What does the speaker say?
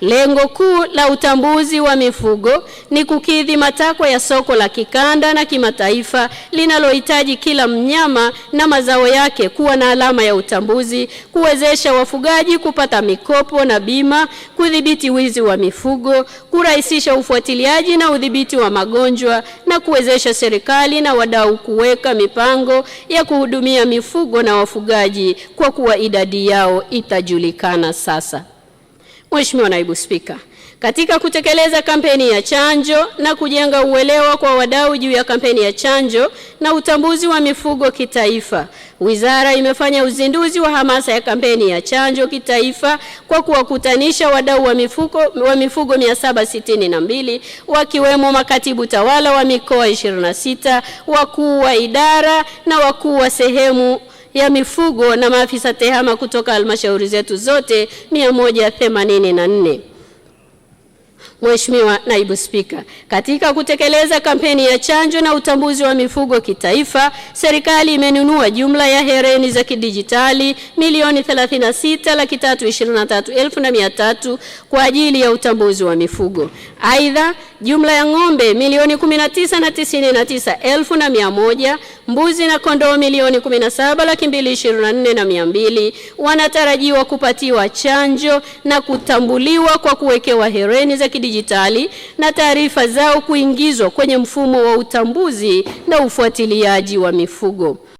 Lengo kuu la utambuzi wa mifugo ni kukidhi matakwa ya soko la kikanda na kimataifa linalohitaji kila mnyama na mazao yake kuwa na alama ya utambuzi, kuwezesha wafugaji kupata mikopo na bima, kudhibiti wizi wa mifugo, kurahisisha ufuatiliaji na udhibiti wa magonjwa na kuwezesha serikali na wadau kuweka mipango ya kuhudumia mifugo na wafugaji kwa kuwa idadi yao itajulikana sasa. Mheshimiwa Naibu Spika, katika kutekeleza kampeni ya chanjo na kujenga uelewa kwa wadau juu ya kampeni ya chanjo na utambuzi wa mifugo kitaifa, Wizara imefanya uzinduzi wa hamasa ya kampeni ya chanjo kitaifa kwa kuwakutanisha wadau wa mifugo, wa mifugo 762 wakiwemo makatibu tawala wa mikoa 26, wakuu wa idara na wakuu wa sehemu ya mifugo na maafisa tehama kutoka halmashauri zetu zote 184. Mheshimiwa Naibu Spika, katika kutekeleza kampeni ya chanjo na utambuzi wa mifugo kitaifa, serikali imenunua jumla ya hereni za kidijitali milioni 36 laki kwa ajili ya utambuzi wa mifugo. Aidha, jumla ya ng'ombe milioni 19 na na mbuzi na kondoo milioni 17 laki wanatarajiwa kupatiwa chanjo na kutambuliwa kwa kuwekewa hereni za kidijitali kidijitali na taarifa zao kuingizwa kwenye mfumo wa utambuzi na ufuatiliaji wa mifugo.